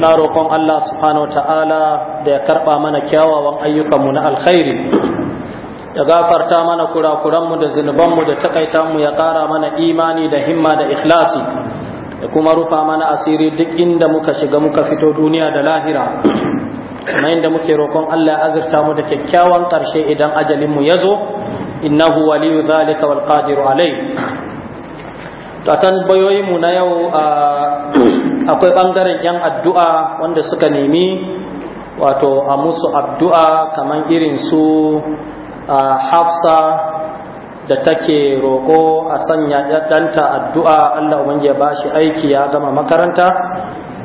na roƙon Allah subhanahu wa ta'ala da ya karɓa mana kyawawan ayyukanmu na alkhairi ya gafarta mana kurakuranmu da zunubanmu da takaita mu ya ƙara mana imani da himma da ikhlasi da kuma rufa mana asiri duk inda muka shiga muka fito duniya da lahira kuma inda muke roƙon Allah ya azurta mu da kyakkyawan ƙarshe idan ajalinmu ya zo innahu waliyu zalika wal qadiru alai ta tambayoyinmu na yau a akwai ɓangaren 'yan addu'a wanda suka nemi wato a musu addu'a kamar irin su hafsa da take roƙo a sanya ɗanta addu'a Allah ya bashi aiki ya gama makaranta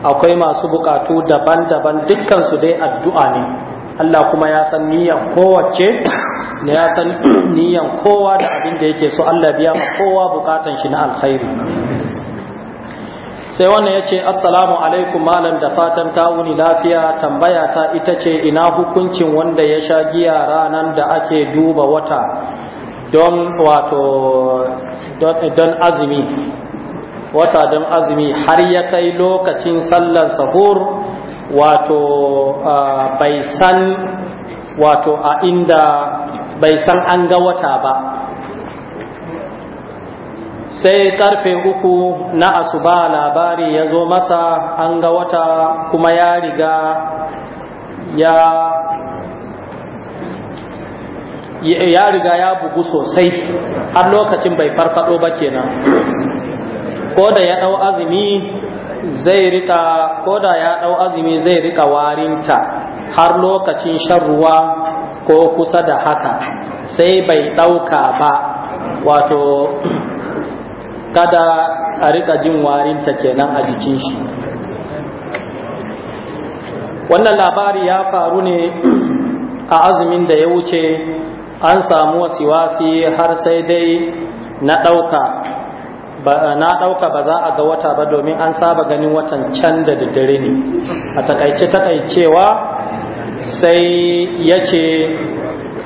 akwai masu buƙatu daban-daban dukkansu dai addu'a ne Allah kuma ya san niyan kowace ne ya san niyan kowa da abin da yake so Allah biya ma kowa bukatan shi na alkhairi sai wannan ya ce assalamu alaikum malam da fatan ta wuni lafiya tambaya ta ita ce ina hukuncin wanda ya sha giya ranar da ake duba wata don wato don azumi wata don azumi har ya kai lokacin sallar sahur wato bai san wato a inda bai san an ga wata ba sai karfe uku na asuba labari ya zo masa an ga wata kuma ya riga ya ya riga ya bugu sosai har lokacin bai farfado ba kenan ko da ya dau azumi zai rika ko da ya dau azumi zai rika warinta har lokacin shan ruwa ko kusa da haka sai bai dauka ba wato kada a rika jin warinta kenan a jikin shi wannan labari ya faru ne a azumin da ya wuce an samu wasiwasi har sai dai na ɗauka na ɗauka ba za a ga wata ba domin an saba ganin watan can da daddare ne a takaice takaicewa sai ya ce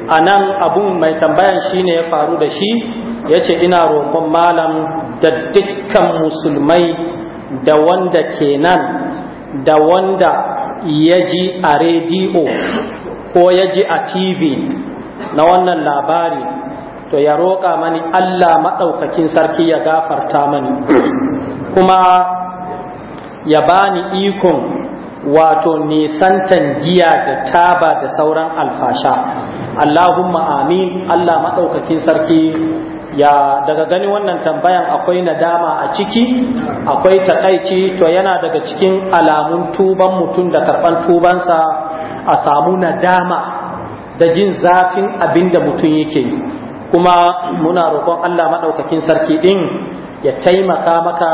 a nan abun mai tambayan shi ne ya faru da shi yace ina roƙon malam da dukkan musulmai da wanda ke nan da wanda ya ji a rediyo ko ya ji a tv na wannan labari to ya roƙa mani allah maɗaukakin sarki ya gafarta mani kuma ya bani ikon wato nisantan giya da taba da sauran alfasha allahumma amin allah maɗaukakin sarki ya daga gani wannan tambayan akwai nadama a ciki akwai takaici to yana daga cikin alamun tuban mutum da karban tubansa a samu nadama da jin zafin abin da mutum yake kuma muna roƙon Allah maɗaukakin sarki ɗin ya taimaka maka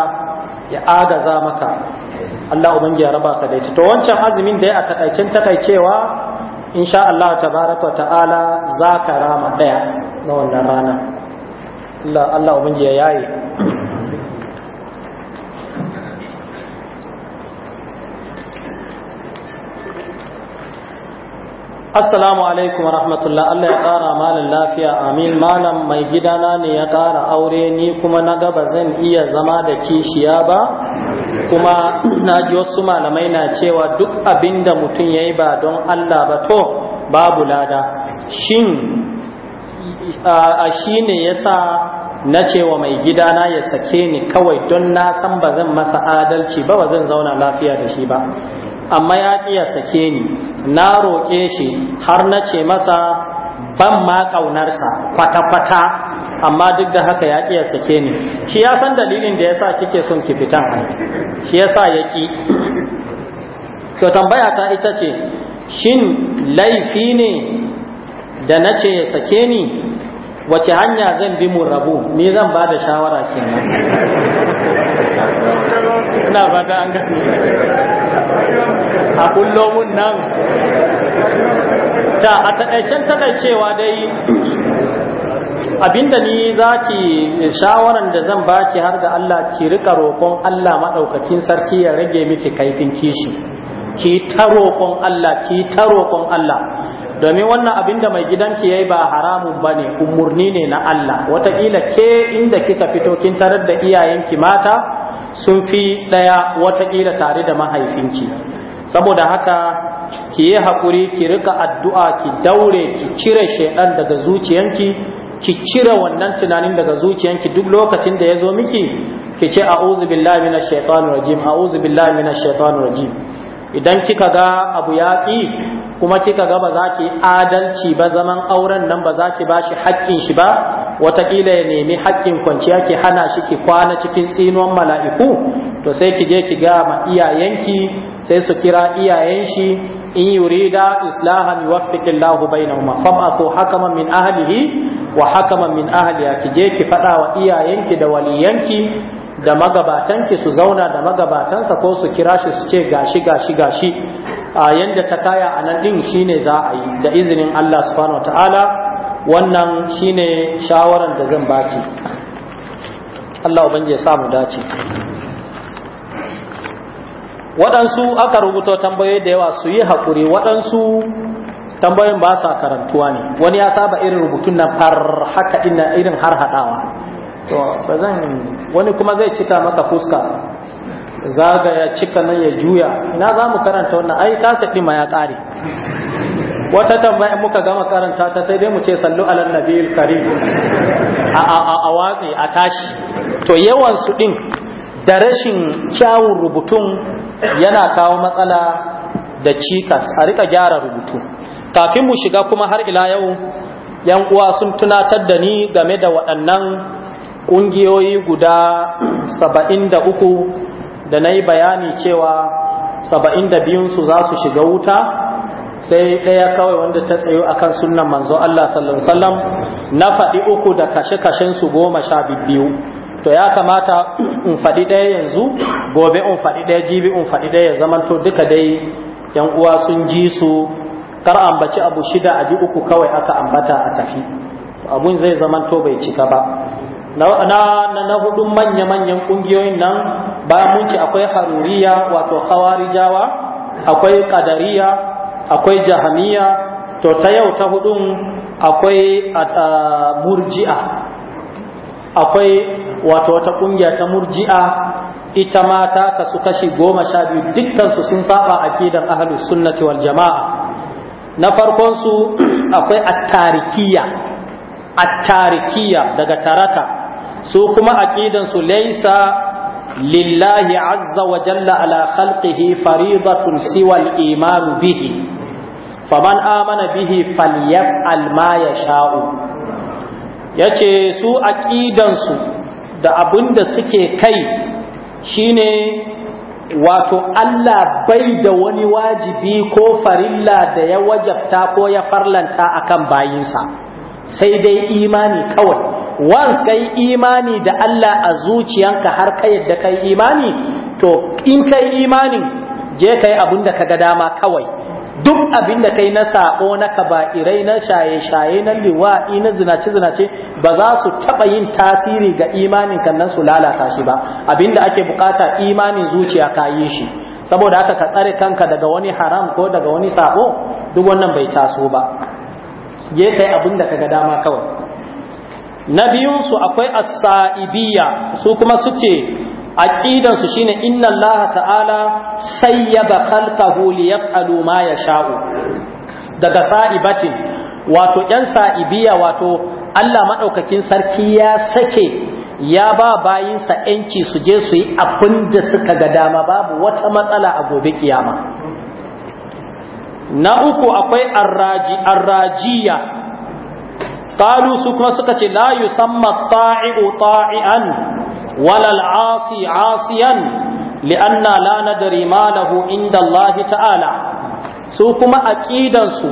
ya agaza maka Allah ubangiya raba ka da to wancan azumin da ya a takaicen takaicewa insha Allah tabaraka wa ta'ala za ka rama ɗaya na wannan rana Allah abin ubangi ya yaye Assalamu alaikum wa rahmatullah Allah ya ƙara malin lafiya amin malam mai gidana ne ya ƙara aure ni kuma na gaba zan iya zama da kishiya ba kuma na ji wasu malamai na cewa duk abin da mutum ya yi ba don Allah ba to babu lada shin a shi ne ya sa na cewa mai gidana ya sake ni kawai don na san ba zan masa adalci ba ba zan zauna lafiya da shi ba amma ya ya sake ni na roƙe shi har na ce masa ban ma ƙaunarsa kwata-kwata amma duk da haka ya ya sake ni shi ya san dalilin da ya sa kike son ki fita shi ya sa ya ki to tambaya ta ita ce shin laifi ne da nace ya sake ni wace hanya zan bi mu rabu ni zan ba da shawara kenan ina fata an gani a kullomin nan ta a taɗaicen taɗaicewa dai abinda ni za ki shawaran da zan baki har ga Allah ki rika roƙon Allah maɗaukakin sarki ya rage miki kaifin kishi ki ta roƙon Allah ki ta roƙon Allah domin wannan abin da mai gidanki yayi ba haramun bane umurni ne na Allah wataƙila ke inda kika fito kin tarar da iyayenki mata sun fi ɗaya wataƙila tare da mahaifinki saboda haka ki yi haƙuri ki rika addu'a ki daure ki cire shaiɗan daga zuciyanki ki cire wannan tunanin daga zuciyanki duk lokacin da ya zo miki ki ce a'udhu billahi minash shaitanir rajim a'udhu billahi minash shaitanir rajim idan kika ga abu ya ƙi kuma kika ga ba za ki adalci ba zaman auren nan ba za ki ba shi haƙƙin shi ba wataƙila ya nemi haƙƙin kwanciya ki hana shi ki kwana cikin tsinuwan mala'iku to sai ki je ki ga ma iyayenki sai su kira iyayen shi in yurida islahan yuwaffiqillahu bainahuma fam'atu hakaman min ahlihi wa hakaman min ahliha ki je ki faɗa wa iyayenki da waliyanki da magabatanki su zauna da magabatansa ko su kira shi su ce gashi gashi gashi a yanda ta kaya a nan din shine za a yi da izinin Allah subhanahu wataala wannan shine shawaran da zan baki Allah ban je sa mu dace waɗansu aka rubuta tambayoyi da yawa su yi haƙuri waɗansu tambayoyin ba sa karantuwa ne wani ya saba irin rubutun nan har haka ina irin har haɗawa to ba zan wani kuma zai cika maka fuska zaga ya cika nan ya juya ina za mu karanta wannan ai kasa ɗima ya ƙare wata tambaya muka gama karanta ta sai dai mu ce sallu alal nabiyil karim a watsi a tashi to yawan su din da rashin kyawun rubutun yana kawo matsala da cikas a rika gyara rubutu kafin mu shiga kuma har ila yau yan uwa sun tunatar da ni game da waɗannan ƙungiyoyi guda saba'in da uku da na yi bayani cewa saba'in da biyunsu za su shiga wuta sai ɗaya kawai wanda ta tsayo a kan sunan manzo Allah sallallahu na faɗi uku da kashe-kashensu goma sha biyu to ya kamata in faɗi ɗaya yanzu gobe in faɗi ɗaya jibi in faɗi ɗaya ya zamanto duka dai yan uwa sun ji su kar ambaci abu shida a ji uku kawai aka ambata a tafi abun zai zamanto bai cika ba na hudun manya-manyan ƙungiyoyin nan bayan mun ce akwai haruriya wato khawarijawa akwai ƙadariya akwai jahamiya to ta yau ta hudun akwai murji'a akwai wato wata ƙungiya ta murji'a ita ma ta kasu kashi goma sha biyu dukkansu sun saba akidan ahlus sunnati wal jama'a na farkon su akwai attarikiya attarikiya daga tarata. su kuma aqidan su laysa lillahi azza wa jalla ala khalqihi faridatun siwa al-iman bihi faman amana bihi falyaf'al ma yasha'u yace su aqidan su da abinda suke kai shine wato Allah bai da wani wajibi ko farilla da ya wajabta ko ya farlanta akan bayinsa sai dai imani kawai once kai imani da Allah a zuciyanka har ka yadda kai imani to in kai imani je kai abin da ka ga dama kawai duk abin da kai na sako na kaba'irai na shaye-shaye na liwa'i na zinace-zinace ba za su taɓa yin tasiri ga imanin kannan su lalata shi ba abinda ake bukata imanin zuciya ka yi shi saboda haka ka tsare kanka daga wani haram ko daga wani sako duk wannan bai taso ba je kai abin da ka ga dama kawai na biyunsu akwai as-sa'ibiyya su kuma suke aqidan su shine inna Allah ta'ala sayyaba khalqahu liyaf'alu ma yasha'u daga sa'ibatin wato yan sa'ibiya wato Allah madaukakin sarki ya sake ya ba bayinsa yanci su je su yi abin da suka ga dama babu wata matsala a gobe kiyama na uku akwai arraji arrajiya قالوا su kuma suka ce الطائع yusamma ولا العاصي عاصيا لأننا 'asiyan ندري ما له عند الله inda Allah ta'ala su kuma su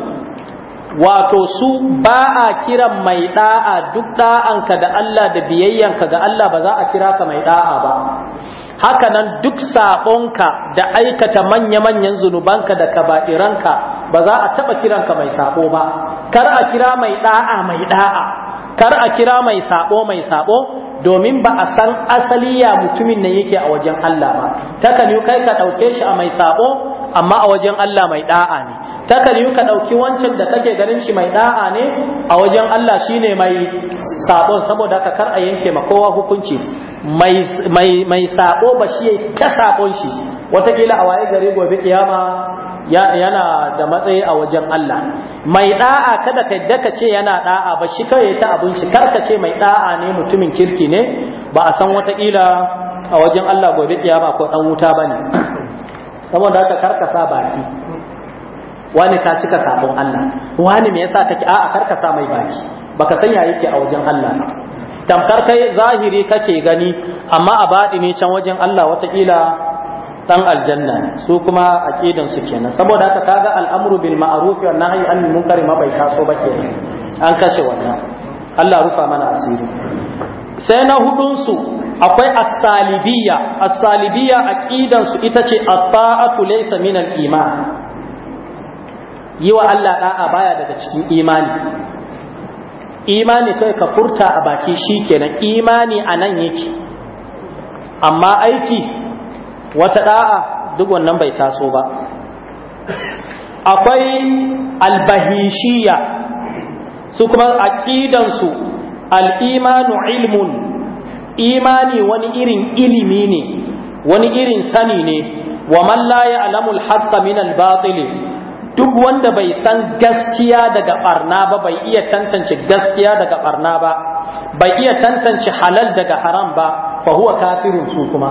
wato su ba a kiran mai da'a duk ɗa'anka da Allah da biyayyanka ga Allah ba za a kira ka mai da'a ba haka nan duk saɓonka da aikata manya-manyan zunubanka da kaba'iranka ba za a taɓa kiranka mai saɓo ba kar a kira mai da'a mai da'a kar a kira mai sabo mai sabo domin ba a san asali ya mutumin nan yake a wajen Allah ba takan yi kai ka ɗauke shi a mai sabo amma a wajen Allah mai da'a ne takan yi ka ɗauki wancan da kake ganin shi mai da'a ne a wajen Allah shine mai sabo saboda ka kar a yanke ma kowa hukunci mai mai sabo ba shi ya ta sabon shi watakila a waye gare gobe kiyama yana da matsayi a wajen Allah mai da'a kada ka yadda ka ce yana da'a ba shi kawai ta abin shi kar ka ce mai da'a ne mutumin kirki ne ba a san wataƙila a wajen Allah gobe kiyama ko dan wuta bane saboda haka kar ka sa baki wani ka cika sabon Allah wani me yasa kake a'a kar ka sa mai baki baka san ya yake a wajen Allah tamkar kai zahiri kake gani amma a baɗi ne can wajen Allah wataƙila dan aljanna su kuma aqidan su kenan saboda haka kaga al'amru bil ma'ruf wa nahyi anil munkar ma bai taso ba kenan an kashe wannan Allah rufa mana asiri sai na hudun su akwai as-salibiyya as-salibiyya aqidan su ita ce at-ta'atu laysa min al-iman yi wa Allah da'a baya daga cikin imani imani kai ka furta a baki shikenan imani anan yake amma aiki wata da'a duk wannan bai taso ba akwai albahishiya su kuma aqidansu al-imanu ilmun imani wani irin ilimi ne wani irin sani ne wa man la ya'lamu al-haqqa min al-batil duk wanda bai san gaskiya daga barna ba bai iya tantance gaskiya daga barna ba bai iya tantance halal daga haram ba fa huwa kafirun su kuma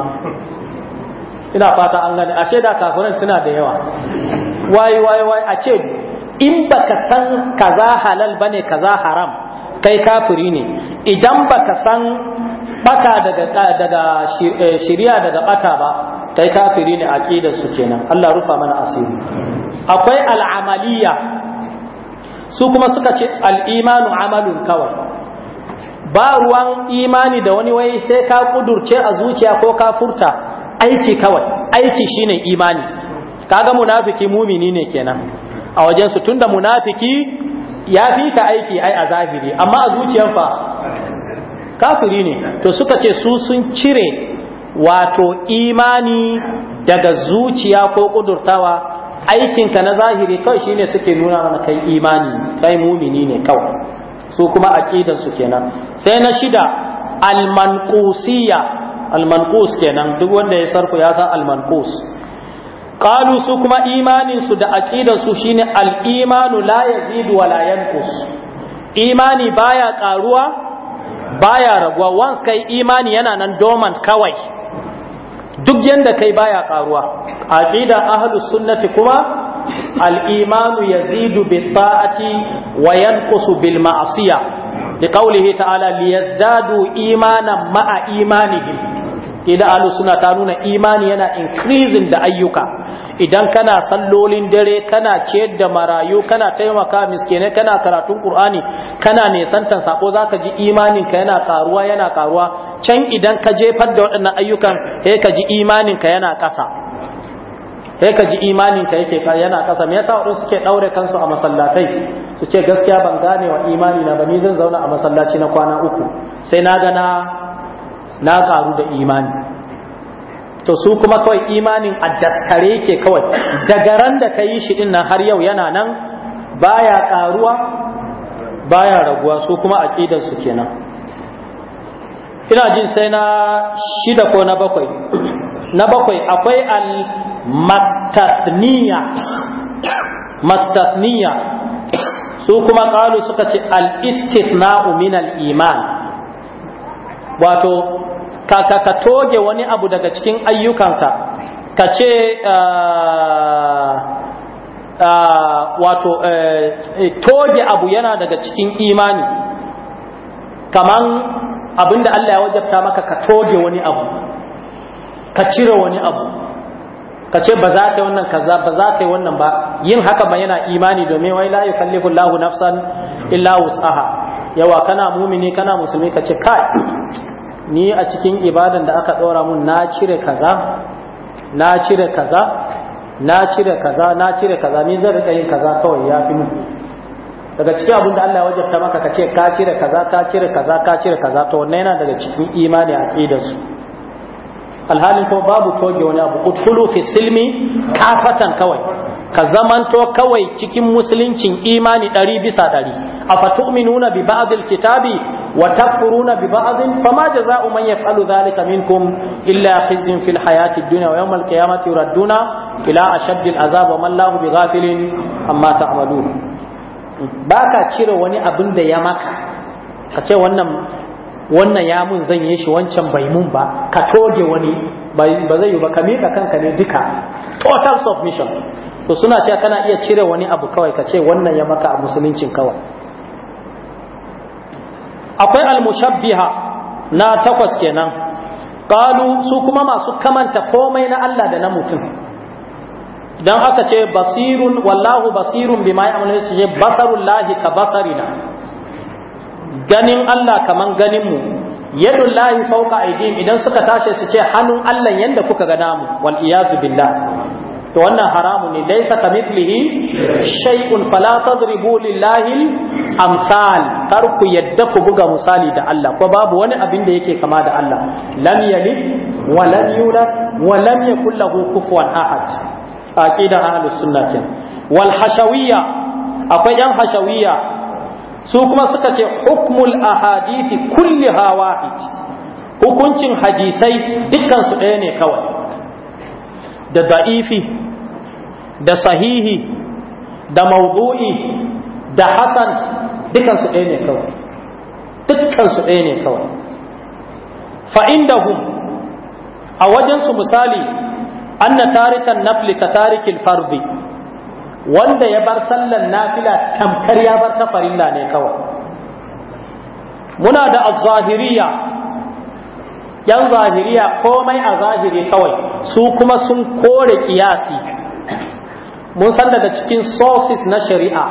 ina fata an gani ashe da kafiran suna da yawa wai wai wai a ce in baka san kaza halal bane kaza haram kai kafiri ne idan baka san bata daga daga shari'a eh, daga bata ba kai kafiri ne aqidar su kenan Allah rufa mana asiri akwai al'amaliya su kuma suka ce al'imanu amalun kawai ba ruwan imani da wani wai sai ka kudurce a zuciya ko ka furta aiki kawai aiki shine imani kaga munafiki mumini ne kenan a wajen su tunda munafiki ya fi aiki ai a zahiri amma a zuciyar fa kafiri ne to suka ce su sun cire wato imani daga zuciya ko kudurtawa aikinka na zahiri kawai shine suke nuna mana kai imani kai mumini ne kawai su kuma aqidar su kenan sai na shida manqusiyya almankus kenan duk wanda ya sarku ya san almankus qalu su kuma imanin su da aqidan su shine al-imanu la yazidu wa yanqus imani baya karuwa baya raguwa once kai imani yana nan dormant kawai duk yanda kai baya karuwa aqida ahlus sunnati kuma al-imanu yazidu bi ta'ati wa yanqusu bil ma'siyah لقوله imanan ليزدادوا إيمانا مع إيمانهم ila alu suna ta nuna imani yana increasing da ayyuka idan kana sallolin dare kana ciyar da marayu kana taimaka miskene kana karatun qur'ani kana nesantan sako zaka ji imanin ka yana karuwa yana karuwa can idan ka jefar da waɗannan ayyukan sai ka ji imanin ka yana ƙasa sai ka ji imanin ka yake yana ƙasa me yasa wadansu suke daure kansu a masallatai su ce gaskiya ban gane wa imani na ba ni zan zauna a masallaci na kwana uku sai na ga na na karu da imani to su kuma kawai imanin addaskare ke kawai daga ran da ka yi shi din nan har yau yana nan baya karuwa baya raguwa su kuma aqidar su kenan ina jin sai na shida ko na bakwai na bakwai akwai al mastatniya su kuma ƙalu suka ce al istithna'u min al iman wato ka toge wani abu daga cikin ayyukanka ka ce ah, ah, wato eh, toge abu yana daga cikin imani kaman abinda Allah ya wajabta maka ka toge wani abu ka cire wani abu ka ce ba za ta wannan kaza ba za ta wannan ba yin haka ba yana imani domin wai la yukallifu Allahu nafsan illa wus'aha yawa kana mumini kana musulmi ka ce kai ni a cikin ibadan da aka ɗora mun na cire kaza na cire kaza na cire kaza na cire kaza ni zan riƙa yin kaza kawai ya fi mu daga cikin abin da Allah ya wajabta maka ka ce ka cire kaza ka cire kaza ka cire kaza to wannan yana daga cikin imani da su alhalin ko babu toge wani abu kutulu fi silmi kafatan kawai ka zamanto kawai cikin musuluncin imani ɗari bisa ɗari a fatu'minuna bi ba'dil kitabi wa na bi ba'din fama jaza'u man yaf'alu dhalika minkum illa khizyun fil hayati dunya wa yawmal qiyamati yuradduna ila ashaddil azab wa man lahu bighafilin amma Ba ka cire wani abin da ya maka ka ce wannan wannan ya mun zan yi shi wancan bai mun ba ka toge wani ba zai yi ba ka miƙa kanka ne duka total submission to suna cewa kana iya cire wani abu kawai ka ce wannan ya maka a musuluncin kawai akwai almushabbiha na takwas kenan qalu su kuma masu kamanta komai na Allah da na mutum idan aka ce basirun wallahu basirun bima ya'malu ce basarullahi ka basarina ganin Allah kaman ganin mu yadullahi fawqa aydihim idan suka tashi su ce hannun Allah yanda kuka ga namu wal iyazu billah to wannan haramun ne laisa mislihi shay'un fala tadribu lillahi amsal kar ku yadda ku buga misali da Allah ko babu wani abin da yake kama da Allah lam yalid wa lam yulad wa lam yakul lahu kufuwan ahad aqida ahlus sunnah wal hashawiyya akwai yan hashawiyya su kuma suka ce hukmul ahadithi kulliha wahid hukuncin hadisai dukkan su ɗaya ne kawai da da'ifi da sahihi da maudu'i da hasan dukansu ɗaya ne kawai dukansu ɗaya ne kawai fa'indahum a wajensu misali anna tarikan nafli ka tarikin fardi wanda ya bar sallan nafila tamkar ya bar ta farilla ne kawai muna da azzahiriya yan zahiriya komai a zahiri kawai su kuma sun kore kiyasi mun san daga cikin sources na shari'a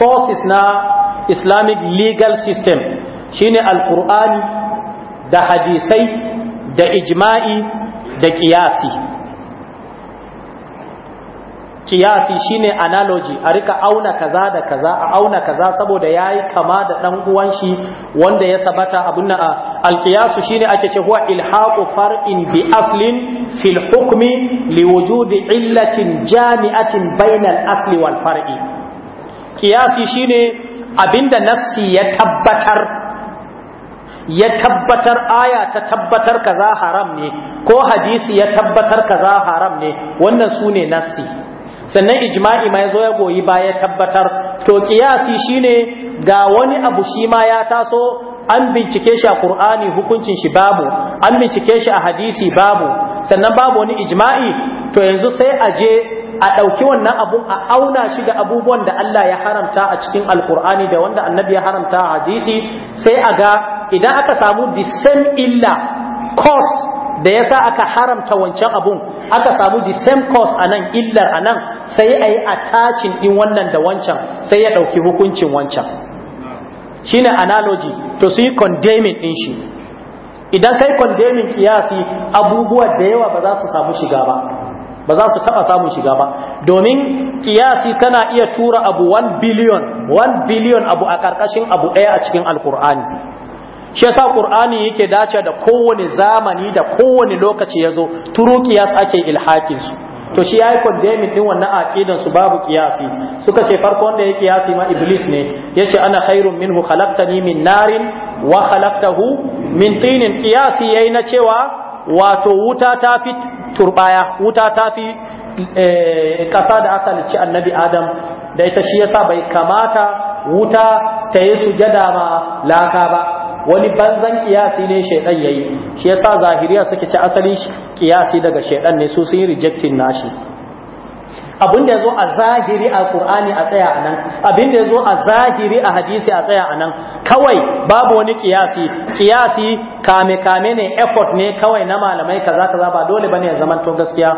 sources na islamic legal system shine alkur'ani da hadisai da ijma'i da kiyasi kiyasi shine analogy a rika auna kaza da kaza a auna kaza saboda yayi kama da dan uwan shi wanda ya sabata abun na alqiyasu shine ake ce huwa ilhaqu far'in bi aslin fil hukmi liwujudi illatin jami'atin bainal asli wal far'i kiyasi shine abinda nassi ya tabbatar ya tabbatar aya ta tabbatar kaza haram ne ko hadisi ya tabbatar kaza haram ne wannan sune nassi sannan ijma'i ma yazo ya goyi ya tabbatar to kiyasi shine ga wani abu shi ma ya taso an bincike shi a Qur'ani hukuncin shi babu an bincike shi a hadisi babu sannan babu wani ijma'i to yanzu sai a je a ɗauki wannan abun a auna shi da abubuwan da Allah ya haramta a cikin alkur'ani da wanda annabi ya haramta a hadisi sai a ga idan aka samu the same illa cause da ya sa aka haramta wancan abun aka samu the same cause anan illar anan sai ayi attaching din wannan da wancan sai ya ɗauki hukuncin wancan shine analogy to su yi condemning din shi idan kai condemning kiyasi abubuwa da yawa ba za su samu shiga ba ba za su taɓa samun shiga ba domin kiyasi kana iya tura abu 1 billion 1 billion abu a ƙarƙashin abu ɗaya a cikin alkur'ani shi yasa qur'ani yake dace da kowane zamani da kowane lokaci yazo turu qiyas ake ilhakin su to shi yayi condemn din wannan aqidan su babu qiyasi suka ce farko wanda yake qiyasi ma iblis ne yace ana khairun minhu khalaqtani min narin wa khalaqtahu min tinin qiyasi yayi na cewa wato wuta ta fi turbaya wuta ta fi kasa eh, da aka annabi adam da ita shi yasa bai kamata wuta ta yi sujada ma laka ba wani banzan kiyasi ne shaidan yayi shi yasa zahiriya suke ci asali kiyasi daga shaidan ne su sun yi rejecting nashi abin da yazo a zahiri a Qur'ani a tsaya anan abin da yazo a zahiri a hadisi a tsaya anan kawai babu wani kiyasi kiyasi kame kame ne effort ne kawai na malamai kaza kaza ba dole bane ya zamanto gaskiya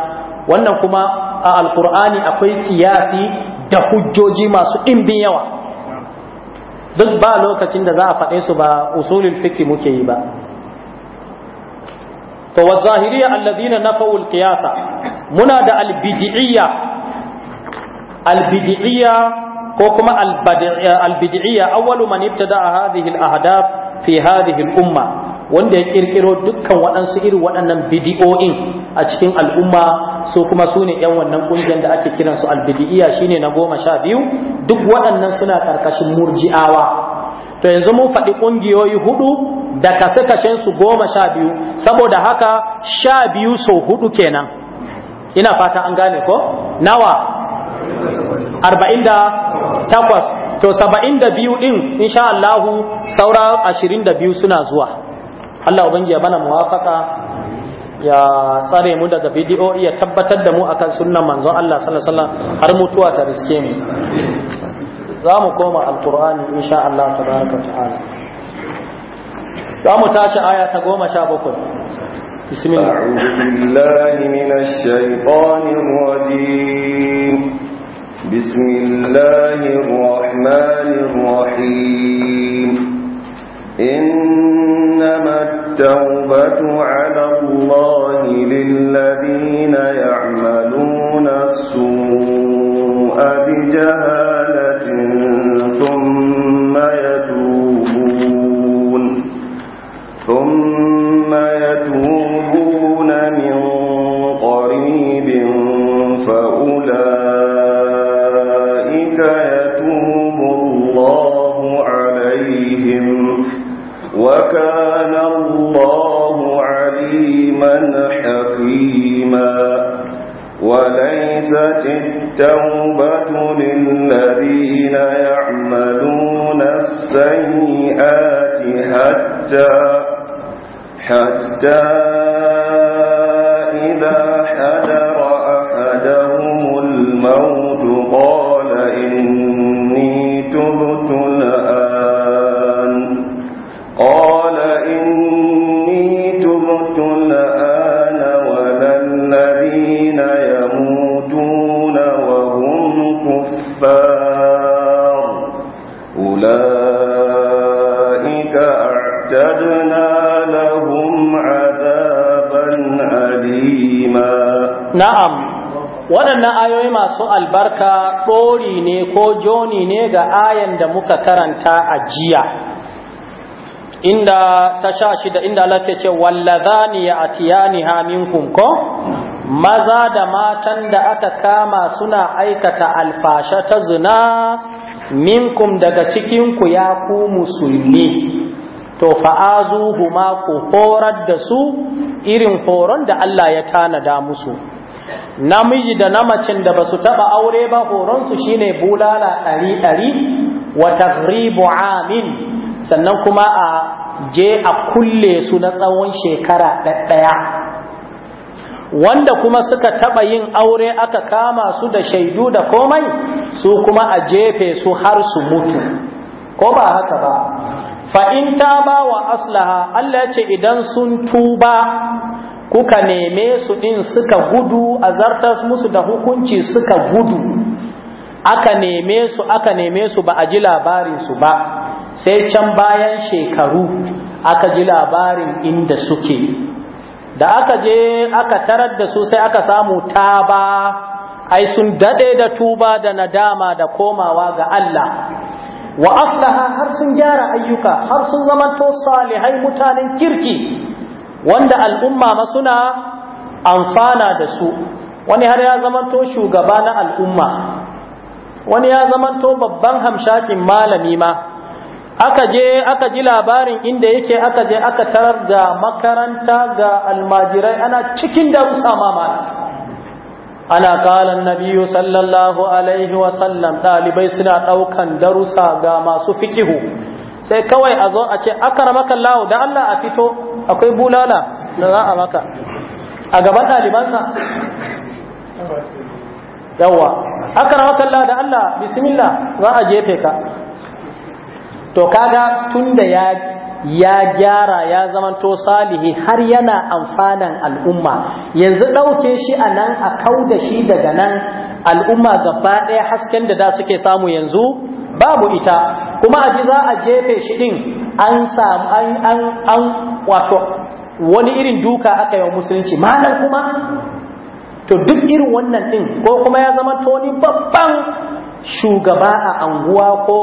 wannan kuma a alqur'ani akwai kiyasi da hujjoji masu ɗimbin yawa duk ba lokacin da za a faɗe su ba usulin fiqh muke yi ba to wa zahiriya alladhina nafawul qiyasa muna da albidiyya albidiyya ko kuma albidiyya awwalu man ibtada hadhihi al-ahdaf fi hadhihi al-umma wanda ya kirkiro dukkan waɗansu irin waɗannan bidiyo'in a cikin al'umma su kuma su ne 'yan wannan ƙungiyar da ake kiransu albidi'iya shine na goma sha biyu duk waɗannan suna ƙarƙashin murji'awa to yanzu mun faɗi ƙungiyoyi hudu da kasu kashensu goma sha biyu saboda haka sha biyu sau hudu kenan ina fata an gane ko nawa arba'in da takwas to saba'in da biyu ɗin insha Allahu saura ashirin da biyu suna zuwa Allah ubangi ya bana muwafaka ya tsare mu daga bidiyo ya tabbatar da mu akan sunnan manzon Allah sallallahu alaihi wasallam har mutuwa ta riske mu za mu koma alqur'ani insha Allah tabaraka ta'ala za mu tashi aya ta goma sha bakwai بسم الله أعوذ بالله من الشيطان الرجيم بسم الله الرحمن الرحيم إنما التوبة على الله للذين يعملون السوء بجهالة ثم يتوبون ثم يتوبون الله عليما حكيما وليست التوبة للذين يعملون السيئات حتى حتى إذا na'am waɗannan ayoyi masu albarka ɗori ne ko joni ne ga ayan da muka karanta a jiya inda ta sha shida inda Allah ce ce ne ya atiyani ha minkum ko maza da matan da aka kama suna aikata alfasha ta zina minkum daga cikinku ya ku musulmi to fa'azu huma ku horar da su irin horon da Allah ya tanada musu namiji da na macin da basu taɓa aure ba horon su shine bulala ɗari ɗari wa tagribu amin sannan kuma a je a kulle su na tsawon shekara ɗaya wanda kuma suka taɓa yin aure aka kama su da shaidu da komai su kuma a jefe su har su mutu ko ba haka ba fa in ba wa aslaha Allah ce idan sun tuba kuka neme su ɗin suka gudu a zartas musu da hukunci suka gudu aka neme su aka neme su ba a ji labarin su ba sai can bayan shekaru aka ji labarin inda suke da aka je aka tarar da su sai aka samu taba ai sun daɗe da tuba da nadama da komawa ga Allah wa aslaha har sun gyara ayyuka har sun zamanto salihai mutanen kirki wanda al'umma ma suna amfana da su wani har ya zamanto shugaba na al'umma wani ya zamanto babban hamshakin malami ma aka je aka ji labarin inda yake aka je aka tarar da makaranta ga almajirai ana cikin darusa mamala ana kalan nabiyu sallallahu alaihi wasallam ɗalibai suna ɗaukan darussa ga masu fikihu sai kawai a zo a ce aka ramakan lawo da Allah a fito akwai bulala da za a maka a gaban ɗalibansa yawwa aka rawa kalla da Allah bismillah za a jefe ka to kaga tunda ya ya gyara ya zamanto salihi har yana amfanan al'umma yanzu ɗauke shi a nan a kau da shi daga nan al'umma gaba ɗaya hasken da da suke samu yanzu babu ita kuma a ji za a jefe shi ɗin an samu an an an wato wani irin duka aka yi musulunci malam kuma to duk irin wannan ɗin ko kuma ya zama toni babban shugaba a anguwa ko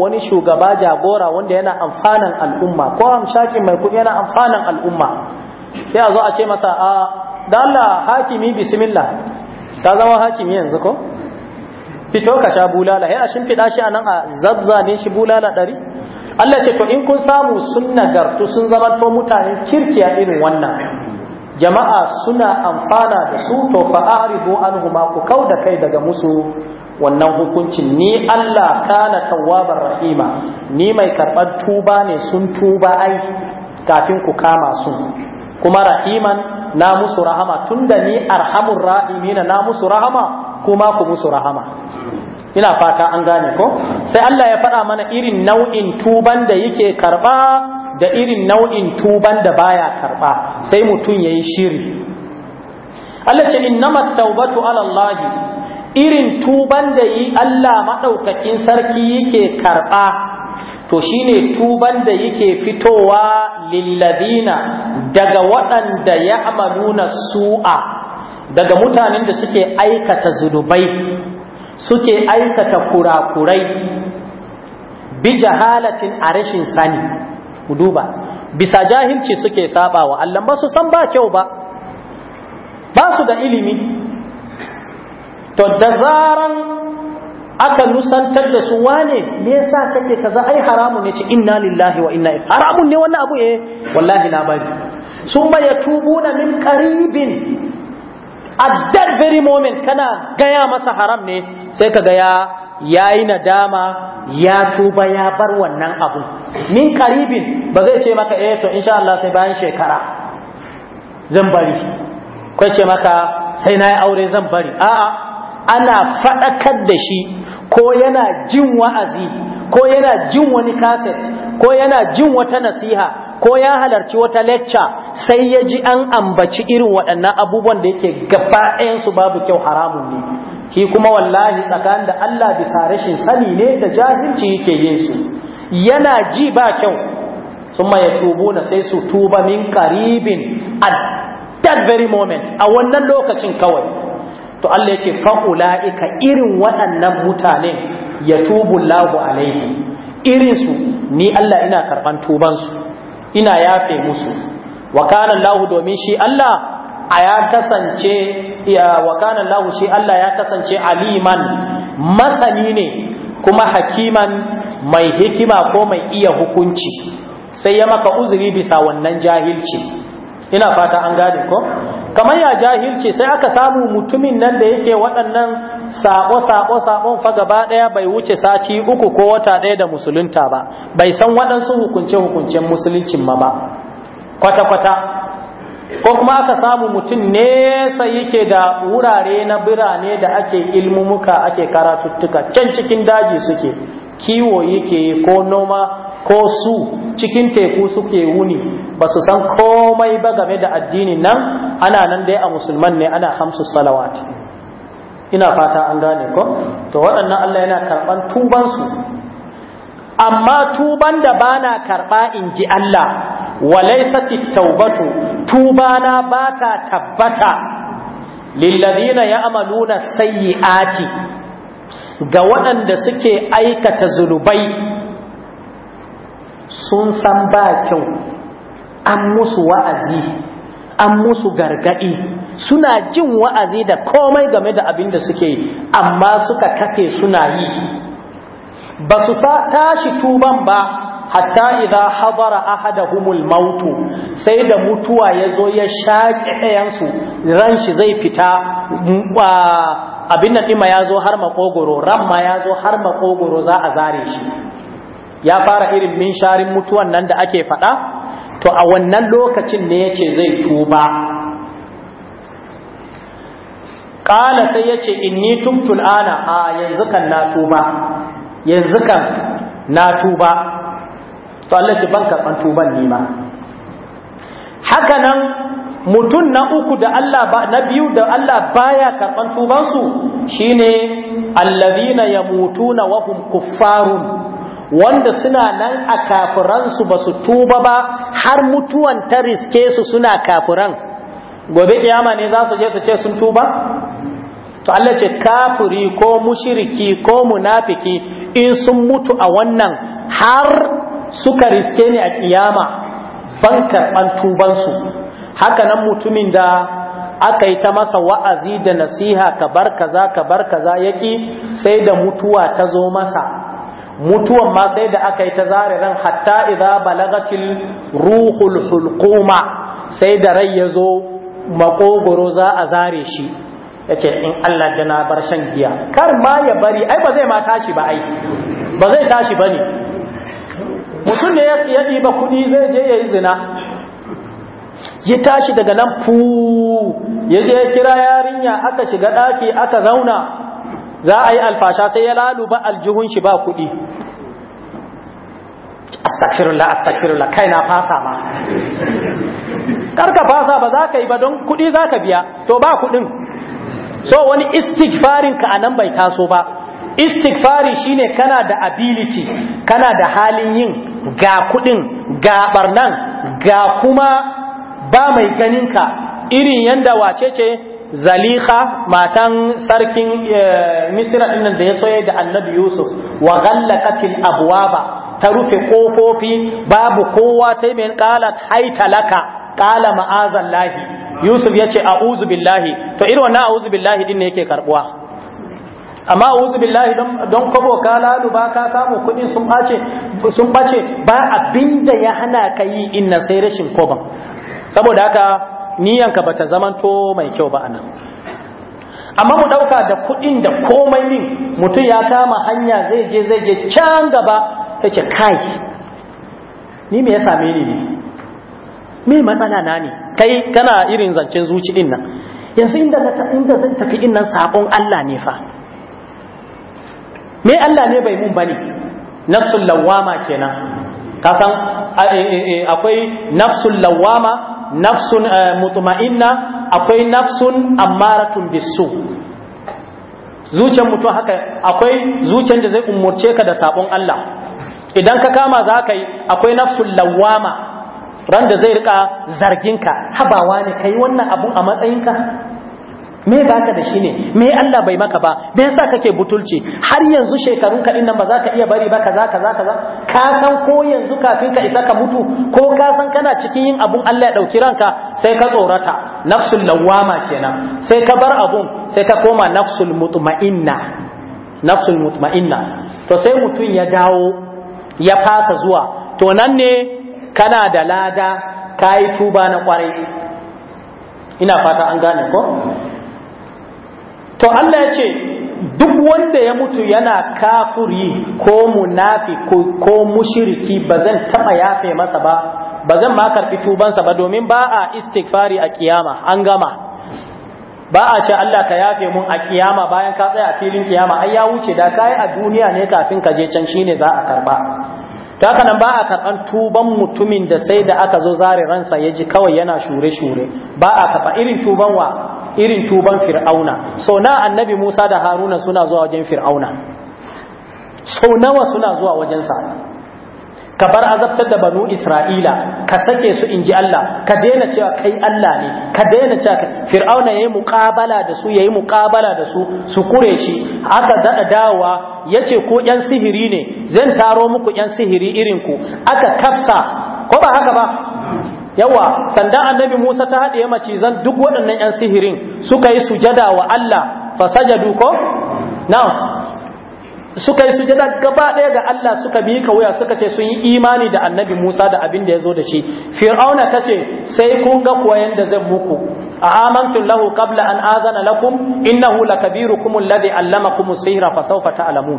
wani shugaba jagora wanda yana amfanan al'umma ko amshakin mai kuɗi yana amfanan al'umma sai a zo a ce masa ah, a Dalla hakimi bismillah ta zama hakimi yanzu ko fito ka sha bulala yana shimfiɗa shi a nan a zabzane shi bulala ɗari Allah ce to in kun samu sun nagartu sun zamanto mutane kirki a irin wannan jama'a suna amfana da su to fa'aridu anhuma ku kauda kai daga musu wannan hukuncin ni Allah kana tawwabar rahima ni mai karɓar tuba ne sun tuba ai kafin ku kama su kuma rahiman na musu rahama tunda ni arhamur rahimina na musu rahama kuma ku musu rahama ina fata an gane ko sai Allah ya faɗa mana irin nau'in tuban da yake karɓa da irin nau'in tuban da baya karɓa sai mutum yayi shiri Allah ce innamat tawbatu ala Allah irin tuban da yi Allah madaukakin sarki yake karɓa to shine tuban da yake fitowa lilladina daga waɗanda ya amaluna su'a daga mutanen da suke aikata zunubai suke aikata kurakurai bi jahalatin a rashin sani duba bisa jahilci suke saba wa Allah ba su san ba kyau ba ba su da ilimi to da zaran aka nusantar da su wane me yasa kake kaza ai haramun ne ce inna lillahi wa inna ilaihi haramun ne wannan abu eh wallahi na sun ba tubuna min qaribin at that very moment kana gaya masa haram ne sai ka gaya ya yi nadama ya tuba ya bar wannan abu min karibin ba zai ce maka eh to insha Allah sai bayan shekara zan bari kai ce maka sai na yi aure zan bari a'a ana faɗakar da shi ko yana jin wa'azi ko yana jin wani kaset ko yana jin wata nasiha ko ya halarci wata lecture sai ya ji an ambaci irin waɗannan abubuwan da yake gaba su babu kyau haramun ne Ki kuma wallahi tsakanin da Allah bisa rashin sani ne da jahilci yake yin su yana ji ba kyau sun ya tubo na sai su tuba min karibin at that very moment a wannan lokacin kawai to Allah ya ce fa'ula'ika irin waɗannan mutane ya tubu lahu alaihi irinsu ni Allah ina karɓan tubansu ina yafe musu wa kana Allah domin shi Allah ya kasance wa kana Allah shi Allah ya kasance aliman masani ne kuma hakiman mai hikima ko mai iya hukunci sai ya maka uzuri bisa wannan jahilci ina fata an gane ko kamar ya jahilci sai aka samu mutumin nan da yake waɗannan sako sako fa gaba ɗaya bai wuce sati uku ko wata daya da musulunta ba bai san waɗansu hukunce hukuncen musuluncin ma ba kwata kwata ko kuma aka samu mutum nesa yake da wurare na birane da ake ilmumuka ake karatuttuka can cikin daji suke kiwo yake ko noma ko su cikin teku suke wuni ba su san komai ba game da addini nan ana nan dai a musulman ne ana hamsu salawati. ina fata an gane ko to waɗannan Allah yana karɓan tubansu amma tuban da bana karɓa in ji Allah sati taubatu tubana ba ta tabbata lillazina ya'maluna Ati. ga waɗanda suke aikata zunubai sun san ba kyau an musu wa'azi an musu gargaɗi suna jin wa'azi da komai game da abin da suke amma suka kafe suna yi ba su tashi tuban ba hatta idan habara hadara humul mautu sai da mutuwa ya zo ya shaki ɗayansu ran shi zai fita abin da ɗima ya zo har makogoro ran ma ya zo har makogoro za a zare shi ya fara irin min sharin mutuwan nan da ake faɗa to a wannan lokacin ne yace zai tuba ƙala sai yace ce inni tumtul ana a yanzu kan na tuba yanzu kan na tuba to Allah ji ban karɓan tuban ni ma haka nan mutum na uku da Allah na biyu da Allah baya karɓan tubansu shine allazina yamutuna wa hum kuffarun wanda suna nan a kafiransu ba su tuba ba har mutuwan ta riske su suna kafiran gobe kiyama ne za su je su ce sun tuba to Allah ce kafiri ko mushiriki ko munafiki in sun mutu a wannan har suka riske ni a kiyama ban karɓan tubansu haka nan mutumin da aka yi ta masa wa'azi da nasiha ka bar kaza ka bar kaza yaki sai da mutuwa ta zo masa mutuwan ma sai da aka yi ta zare ran hatta idza balagatil ruhul hulquma sai da rai ya zo makogoro za a zare shi ya ce in Allah da na bar shan giya kar ma ya bari ai ba zai ma tashi ba ai ba zai tashi ba ne mutum ne ya ɗiba kuɗi zai je ya yi zina ya tashi daga nan fu ya je kira yarinya aka shiga ɗaki aka zauna za a yi alfasha sai ya laluba aljihun shi ba kuɗi astagfirullah astagfirullah kai na fasa ma karka fasa ba za ka yi ba don kuɗi za ka biya to ba kuɗin so wani istighfarin ka anan bai taso ba istighfari shine kana da ability kana da halin yin ga kudin ga barnan ga kuma ba mai ganin ka irin yanda wace ce zaliha matan sarkin eh, misira ɗinnan da ya soye da annabi yusuf wa ghallaqatil abwaba ta rufe kofofi babu kowa ta min qalat haita laka qala ma'azallahi yusuf ya ce a'udhu billahi to irin wannan a'udhu billahi din ne yake karbuwa amma a'udhu billahi don kwabo ka lalu ba ka samu kudin sun bace sun bace ba abinda ya hana ka yi inna sai rashin koban saboda haka niyanka bata zamanto mai kyau ba anan amma mu dauka da kudin da komai din mutum ya kama hanya zai je zai je can gaba yace kai ni me ya same ni ne me matsala na ne kai kana irin zancen zuci din nan yanzu inda inda zan tafi din nan sabon Allah ne fa me Allah ne bai mun bane nafsul lawama kenan ka san akwai nafsul lawama nafsun eh, mutma'inna akwai nafsun ammaratun bisu zuciyar mutum haka akwai zuciyar da zai umurce ka da sabon Allah idan ka kama za ka yi akwai nafsul lawama ran da zai rika zarginka habawa ne kai wannan abun a matsayinka me baka da shi ne me Allah bai maka ba me yasa kake butulci har yanzu shekarun ka nan ba za ka iya bari ba kaza kaza kaza ka san ko yanzu kafin ka isa ka mutu ko ka san kana cikin yin abun Allah ya dauki ranka sai ka tsorata nafsul lawama kenan sai ka bar abun sai ka koma nafsul mutma'inna nafsul mutma'inna to sai mutun ya dawo ya fasa zuwa to nan ne kana da lada ka yi tuba na kwarai ina fata an gane ko to Allah ya ce duk wanda ya mutu yana kafuri ko munafi ko mushiriki ba zan taɓa yafe masa ba ba zan ma karɓi tubansa ba domin ba a istighfari a kiyama an gama ba a ce Allah ka yafe mun a kiyama bayan ka tsaya a filin kiyama ai ya wuce da kai a duniya ne kafin ka je can shine za a karba ta haka nan ba a karɓan tuban mutumin da sai da aka zo zare ransa ya ji kawai yana shure-shure ba a kafa irin tuban wa irin tuban fir'auna so na annabi musa da haruna suna zuwa wajen fir'auna sau nawa suna zuwa wajen wajensa ka bar azabtar da banu isra'ila ka sake su in ji Allah ka daina cewa kai Allah ne ka daina cewa fir'auna yi muƙabala da su yayi muqabala da su su kure shi aka daɗa dawa yace ko yan sihiri ne zan taro muku yan sihiri irin ku aka kafsa ko ba haka ba yawa sandan annabi Musa ta haɗe zan duk waɗannan yan sihirin suka yi sujada wa Allah fasajadu ko na'am suka yi sujada gaba ɗaya ga Allah suka bi ka wuya suka ce sun yi imani da annabi Musa da abin da ya zo da shi fir'auna ta ce sai kun ga kuwa da zai muku a amantu lahu an azana lakum innahu lakabirukum Allama allamakum sihra fa sawfa alamu.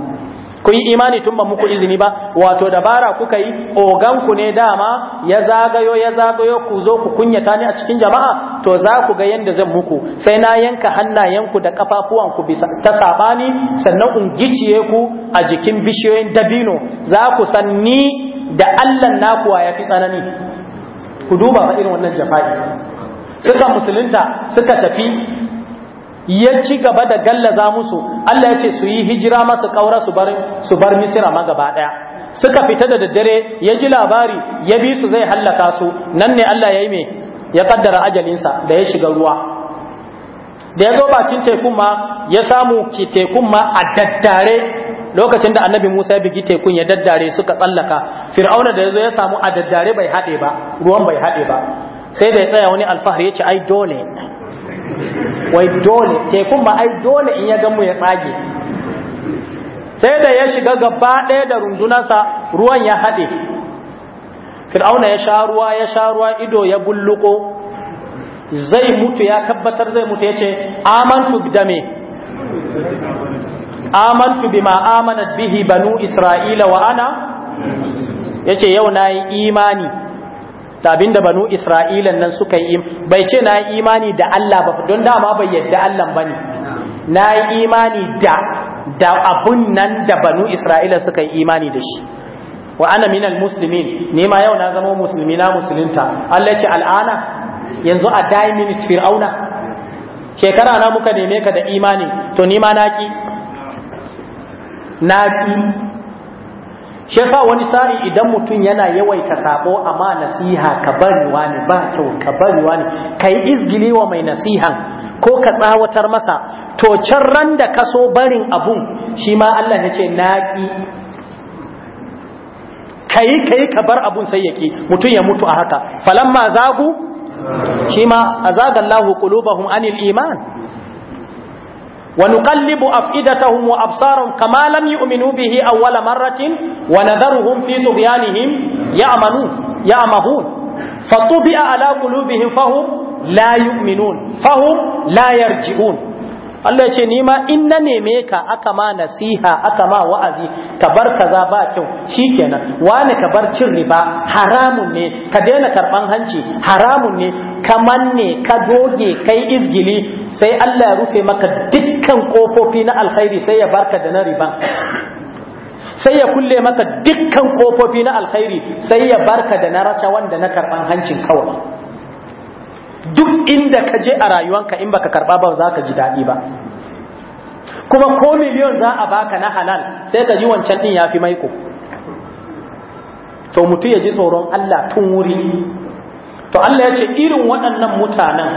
ku yi imani tun ba muku izini ba wato dabara kuka yi oganku ne dama ya zagayo ya zagayo ku zo ku kunyata ni a cikin jama'a to za ku ga yadda zan muku sai na yanka hannayenku da ku bisa ta saɓani sannan in giciye ku a jikin bishiyoyin dabino za ku san ni da Allah naku ya fi tsanani ku duba irin wannan jafa'i suka musulunta suka tafi ya ci gaba da galla gallaza musu Allah ya ce su yi hijira masu kaura su bar su bar Misira ma gaba daya suka fita da daddare ya ji labari ya bi su zai hallaka su nan ne Allah ya yi me ya ƙaddara ajalinsa da ya shiga ruwa da ya zo bakin tekun ma ya samu tekun ma a daddare lokacin da annabi Musa ya bigi tekun ya daddare suka tsallaka fir'auna da ya zo ya samu a daddare bai haɗe ba ruwan bai haɗe ba sai da ya tsaya wani alfahari ya ce ai dole wai dole tekun ba ai dole in ya gamu ya tsage sai da ya shiga gaba ɗaya da rundunarsa ruwan ya haɗe fir'auna ya sha ruwa ya sha ruwa ido ya bulluko zai mutu ya tabbatar zai mutu ya ce amantu da me amantu bima amanat bihi banu isra'ila wa ana ya ce yau na yi imani da abin da banu israila nan suka yi bai ce na imani da Allah ba don dama bai yadda Allah bane na imani da da abun nan da banu isra'ila suka yi imani da shi wa ana minal muslimin ne ma yau na zama musulmi na musulunta Allah ce al'ana yanzu a dai minute fir'auna shekara na muka neme ka da imani to ni ma naki naki shi yasa wani sari idan mutum yana yawaita sabo amma nasiha ka bari wani ba kyau ka bari wani kai izgili wa mai nasihan ko ka tsawatar masa to can ran da kaso barin abun shi ma Allah ya ce naki kai kai ka bar abun sai yake mutum ya mutu a haka falamma zagu shi ma azagallahu qulubahum anil iman ونقلب أفئدتهم وأبصارهم كما لم يؤمنوا به أول مرة ونذرهم في طغيانهم يعمنون يعمهون فطبئ على قلوبهم فهم لا يؤمنون فهم لا يرجعون Allah ya ce ni ma in na neme ka aka ma nasiha aka ma wa'azi ka bar kaza ba kyau shikenan wani ka bar cin riba haramun ne ka daina karban hanci haramun ne ka manne ka doge kai izgili sai Allah ya rufe maka dukkan kofofi na alkhairi sai ya barka da na riban sai ya kulle maka dukkan kofofi na alkhairi sai ya barka da na rasa wanda na karban hancin kawai duk inda ka je a rayuwanka in baka karba ba za ka ji daɗi ba kuma ko miliyon za a baka na halal sai ka ji wancan din fi maiko to mutu ya ji tsoron Allah tun wuri to Allah ya ce irin waɗannan mutanen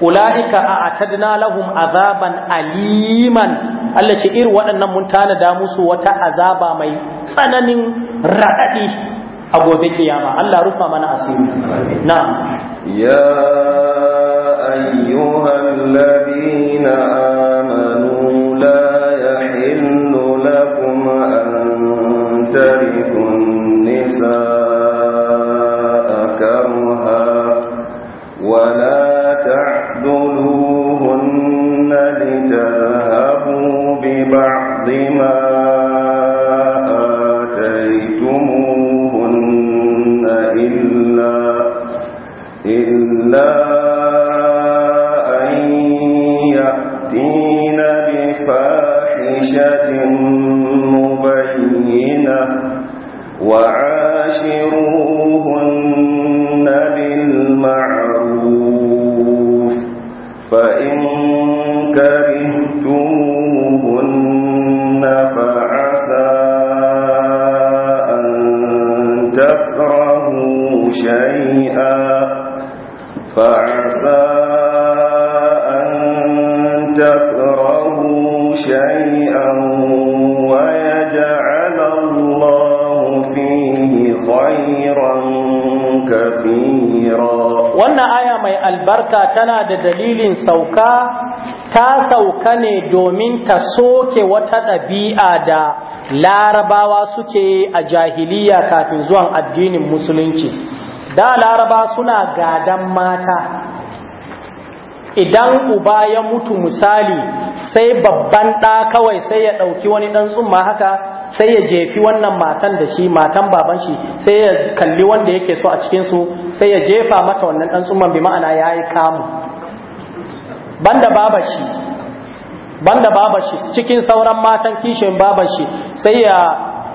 ula'ika a atadna lahum azaban aliman Allah ce irin waɗannan mun tanada musu wata azaba mai tsananin raɗaɗi a gobe kiyama Allah rufa mana asiri na. ya ayyuhal ladina amanu لا dalilin sauka ta sauka ne domin ta soke wata ɗabi'a da larabawa suke a jahiliya kafin zuwan addinin musulunci da laraba suna gadan mata idan uba ya mutu misali sai babban ɗa kawai sai ya ɗauki wani ɗan tsumma haka sai ya jefi wannan matan da shi matan baban shi sai ya kalli wanda yake so a cikinsu sai ya jefa mata wannan ɗan tsumman bi ma'ana ya yi kamu banda babashi banda babashi cikin sauran matan kishin babashi, sai ya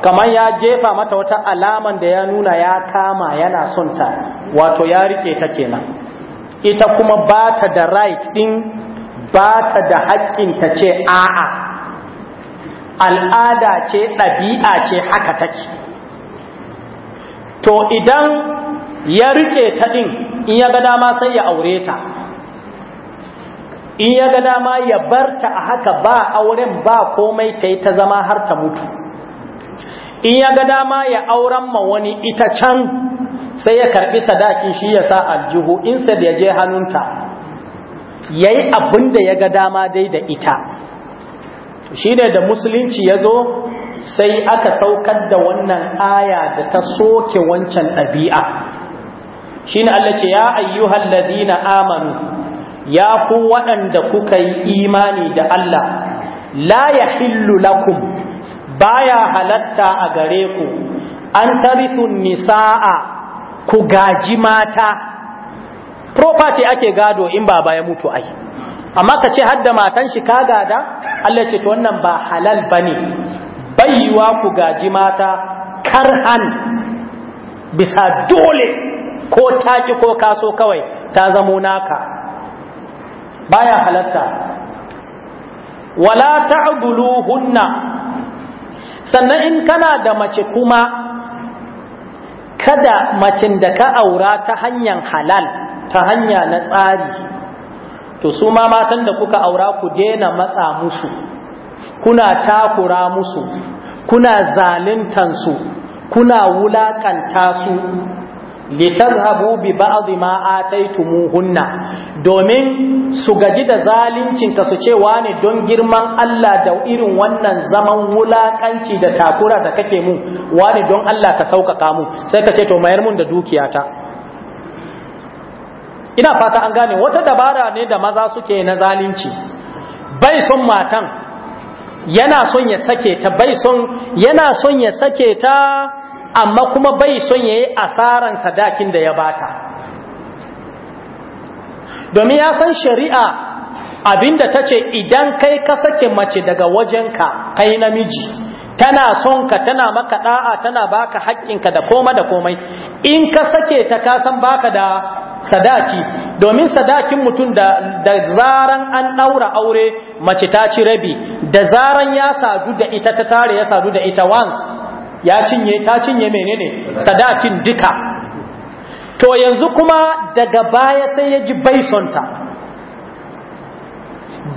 kamar ya jefa mata wata alaman da ya nuna ya kama yana son ta wato ya rike ta kenan ita kuma ba ta da right din ba ta da haƙƙin ta ce a'a al'ada ce ɗabi'a ce haka take to idan ya rike ta din in ya ga dama sai ya aure ta in ya ga dama ya barta a haka ba auren ba komai ta yi ta zama har ta mutu in ya ga dama ya auren ma wani ita can sai ya karbi sadakin shi ya sa aljihu da ya je hannunta ya yi abin da ya ga dama dai da ita shi ne da musulunci ya zo sai aka saukar da wannan aya da ta soke wancan ɗabi'a shi ne Allah ce ya na amanu ya ku waɗanda kuka yi imani da Allah la ya hillu lakum baya halatta a gare ku an tarithu nisaa ku gaji mata property ake gado in baba ya mutu ai amma ka ce hadda matan shi ka gada Allah ce to wannan ba halal bane baiwa ku gaji mata karhan bisa dole ko taki ko kaso kawai ta zamo naka baya halatta wala ta'buluhunna sannan in kana da mace kuma kada macin da ka aura ta hanyar halal ta hanya na tsari to su ma matan da kuka aura ku daina matsa musu kuna takura musu kuna zaluntansu kuna wulakanta su litazhabu bi ba'd ma hunna, domin su gaji da zalincin ka su ce wani don girman Allah da irin wannan zaman wulakanci da takura da kake mu wani don Allah ka sauƙaƙa mu sai ka ce to mayar mun da dukiyata ina fata an gane wata dabara ne da maza suke na zalunci bai son matan yana son ya sake ta bai son yana son ya sake ta amma kuma bai son ya yi asaran sadakin da ya bata domin ya san shari'a abinda ta ce idan kai ka sake mace daga wajenka kai namiji tana son ka tana maka da'a tana baka haƙƙinka da koma da komai in ka sake ta kasan baka da sadaki domin sadakin mutum da, da zaran an ɗaura aure mace ta ci rabi da zaran ya sadu da ita ta tare ya sadu da ita once ya cinye ta cinye menene sadakin duka to yanzu kuma daga baya sai ya ji bai sonta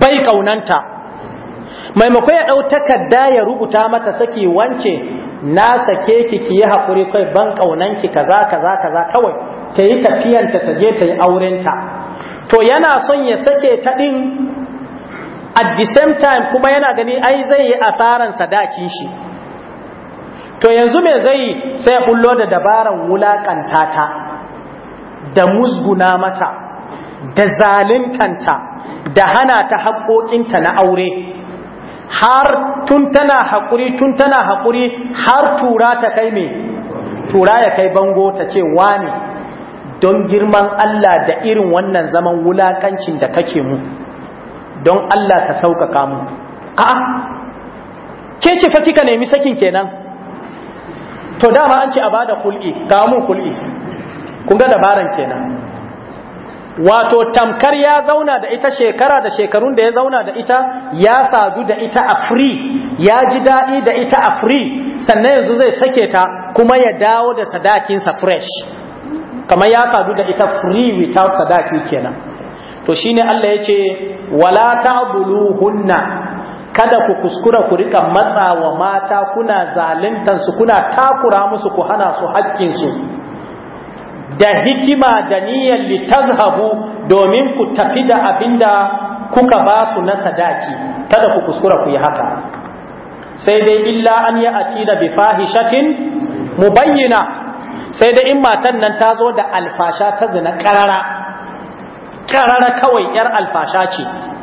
bai kaunanta maimakon ya ɗau takarda ya rubuta mata saki wance na sake ki ki yi haƙuri kai ban ƙaunanki kaza kaza kaza kawai ta yi tafiyanta ta je ta yi aurenta to yana son ya sake ta ɗin at the same time kuma yana gani ai zai yi asaran sadakin shi to yanzu me zai sai ya kullo da dabaran wulakanta ta da musguna mata da zalinkanta da hana ta haƙoƙinta na aure har tun tana haƙuri tun tana haƙuri har tura ta kai me tura ya kai bango ta ce ne? don girman Allah da irin wannan zaman wulaƙancin da kake mu don Allah ta sauƙaƙa mu a'a ke ce fa kika nemi sakin kenan to dama an ce a bada kul'i kawo kul'i kun dabaran kenan wato tamkar ya zauna da ita shekara da shekarun da ya zauna da ita ya sadu da ita a free ya ji daɗi da ita a free sannan yanzu zai sake ta kuma ya dawo da sadakinsa fresh Kama ya sadu da ita free without sadaki kenan to shine Allah ya ce wala ta'buluhunna kada ku kuskura ku rika matsa wa mata kuna su, kuna takura musu ku hana su su. da hikima da niyyar litazhabu domin ku tafi da abinda kuka ba su na sadaki kada ku kuskura ku yi haka sai dai illa an yi da bi fahishatin mubayyana sai dai in matan nan ta zo da alfasha ta zina ƙarara. Ƙarara kawai yar alfasha ce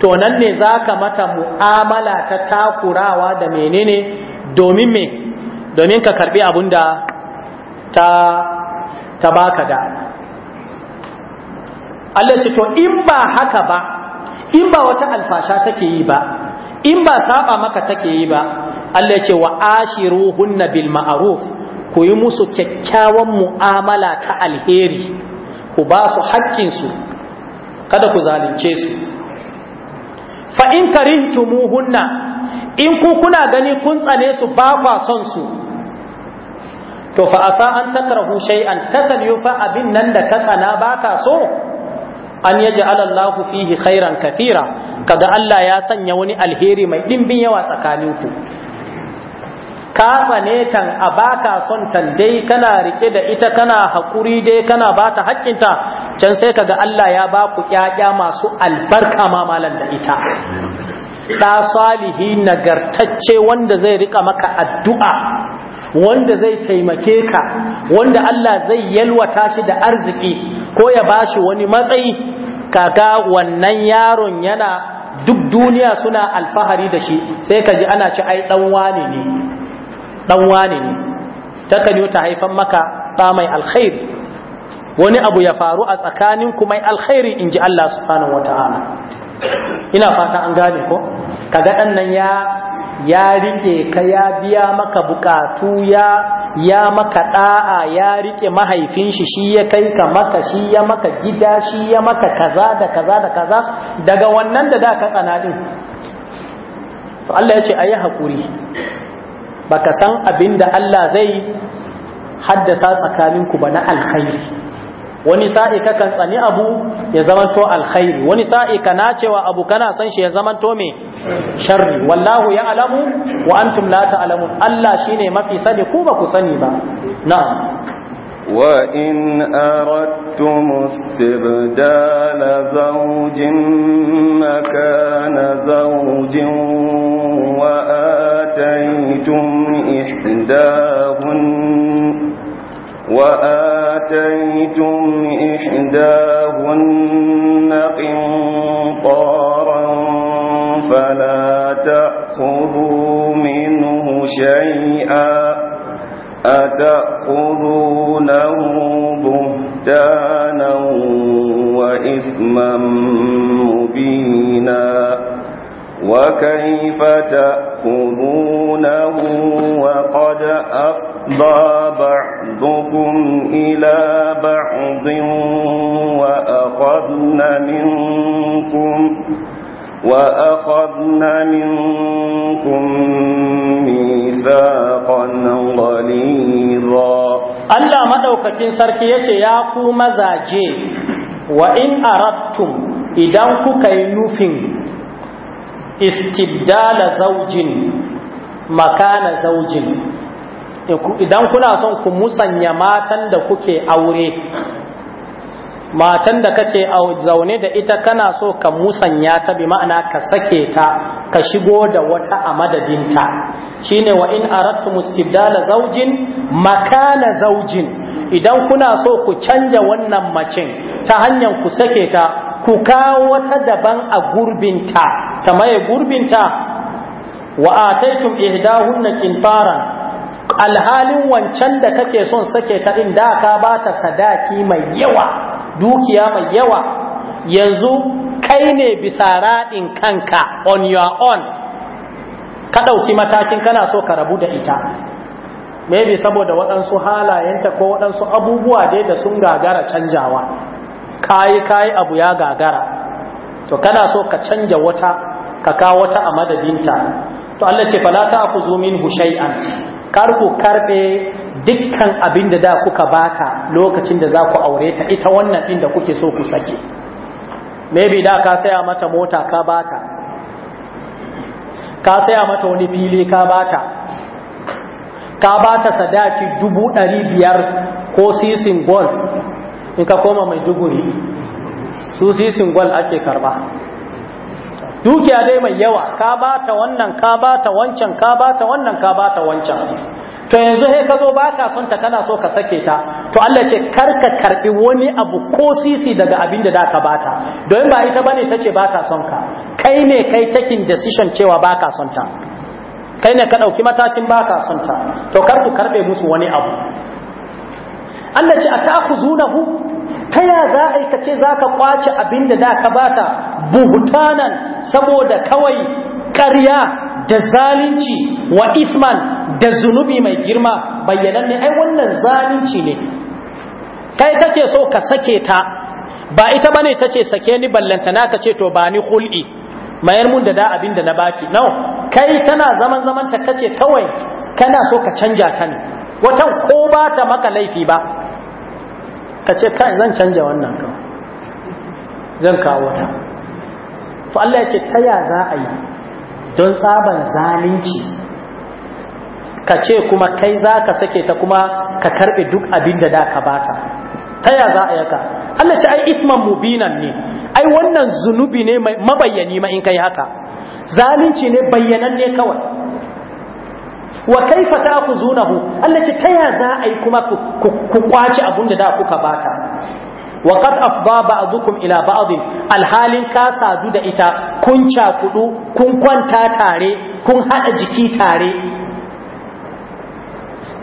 to nan ne za ka mata mu'amala ta takurawa da menene domin me domin ka karbi abunda ta ta baka da Allah ce to in ba haka ba in ba wata alfasha take yi ba in ba saba maka take yi ba Allah ya ce wa ashiruhunna bil ma'ruf ku yi musu kyakkyawan mu'amala ta alheri ku ba su haƙƙinsu kada ku zalunce su fa in hunna in ku kuna gani kun tsane su ba kwa son su to fa asa an takrahu shay'an kasan yufa abin nan da ka tsana ba ka so an yaji Allah fihi khairan kafira, kaga Allah ya sanya wani alheri mai dimbin yawa tsakanin ku ka tsane tan a baka son tan dai kana rike da ita kana hakuri dai kana bata hakkinta can sai kaga Allah ya ba ku ƴaƴa masu albarka ma malan da ita ɗa salihi nagartacce wanda zai rika maka addu'a wanda zai taimake ka wanda Allah zai yalwata shi da arziki ko ya bashi wani matsayi kaga wannan yaron yana duk duniya suna alfahari da shi sai kaji ana ci ai dan wane ne dan wane ne takan kanyo ta haifan maka ɗa mai alkhairi wani abu ya faru a tsakanin kuma alkhairi in ji Allah subhanahu wata'ala ina fata an gane ko kaga dan nan ya rike ka ya biya maka bukatu ya ya maka da'a ya rike mahaifin shi shi ya kai ka maka shi ya maka gida shi ya maka kaza da kaza da kaza daga wannan da da ka tsana din to Allah ya ce ayi hakuri baka san abinda Allah zai haddasa tsakaninku ba na alkhairi wani sa'i ka kan tsani abu ya zamanto alkhairi wani sa'i ka cewa abu kana san shi ya zamanto mai sharri wallahu ya alamu wa an la alamu, Allah shine mafi sani ku ba ku sani ba na'am وإن أردتم استبدال زوج مكان زوج tun إحداهن وآتيتم إحداهن قنطارا فلا تأخذوا منه شيئا أتأخذونه بهتانا وإثما مبينا وكيف تأخذونه وقد أقضى بعضا بعضكم إلى بعض وأخذنا منكم وأخذنا منكم ميثاقا غليظا ألا مدوكة سركية ياكو مزاجي وإن أردتم إذا كينوف استبدال زوج مكان زوج Eh, idan kuna son ku musanya matan da kuke aure matan da kake zaune da ita kana so ka musanya ta bi ma'ana ka sake ta ka shigo da wata a madadinta shine wa in aradtum mustibdala zaujin makana zaujin. idan kuna so ku canja wannan macin ta hanyar ku sake ta ku kawo wata daban a gurbinta ta maye gurbinta wa ataitum ihdahunna kintaran alhalin wancan da kake son sake kaɗin da ka ba ta sadaki mai yawa dukiya mai yawa yanzu kai ne bisa raɗin kanka on your own ka ɗauki matakin kana so ka rabu da ita maybe saboda waɗansu halayenta ko waɗansu abubuwa dai da sun gagara canjawa kayi kayi abu ya gagara to kana so ka canja wata ka kawo wata a madadinta to Allah ce fala ta aku zumin shay'an karku karbe dukkan abin da da kuka bata lokacin da za ku aure ta ita wannan ɗin da kuke so ku sake maybe da ka saya mata mota ka bata ka saya mata wani fili ka bata ka bata sadaki dubu ɗari biyar ko sisin gol in ka koma mai duguri su sisin gol ake karba dukiya dai mai yawa ka ba ta wannan ka ba ta wancan ka ba ta wannan ka ba ta wancan to yanzu he ka zo ba ka son ta kana so ka sake ta to Allah ce kar ka karbi wani abu ko sisi daga abin da ka ba ta. don ba ita bane tace ba ka son ka kai ne kai taking decision cewa ba ka son ta kai ne ka dauki matakin ba ka son ta to kar ku karbe musu wani abu Allah ce a ta'khuzunahu ta ya za a yi ka ce za ka kwace abin da da ka ta buhutanan saboda kawai karya da zalunci wa isman da zunubi mai girma ne? ai wannan zalunci ne kai kake so ka sake ta ba ita bane tace sake ni ballantana ce to ba ni hul'i mayar mun da da abin da na baki no kai tana zaman zaman ta kace kawai kana so ka canja ta ne watan ko ba ta maka laifi ba ka ce kai zan canja wannan kan zan kawo ta to Allah ya ce ta ya za a yi don tsaban zalunci ka ce kuma kai za ka sake ta kuma ka karbe duk abin da da ka bata ta ya za a yaka Allah ce ai isman mubinan ne ai wannan zunubi ne mabayyani ma in kai haka zalunci ne bayyanan ne kawai wa kaifa ta'khuzunahu Allah ce taya za a yi kuma ku kwaci abun da kuka bata wa qad afda ba'dukum ila ba'd alhalin ka sadu da ita kun cakudu kun kwanta tare kun hada jiki tare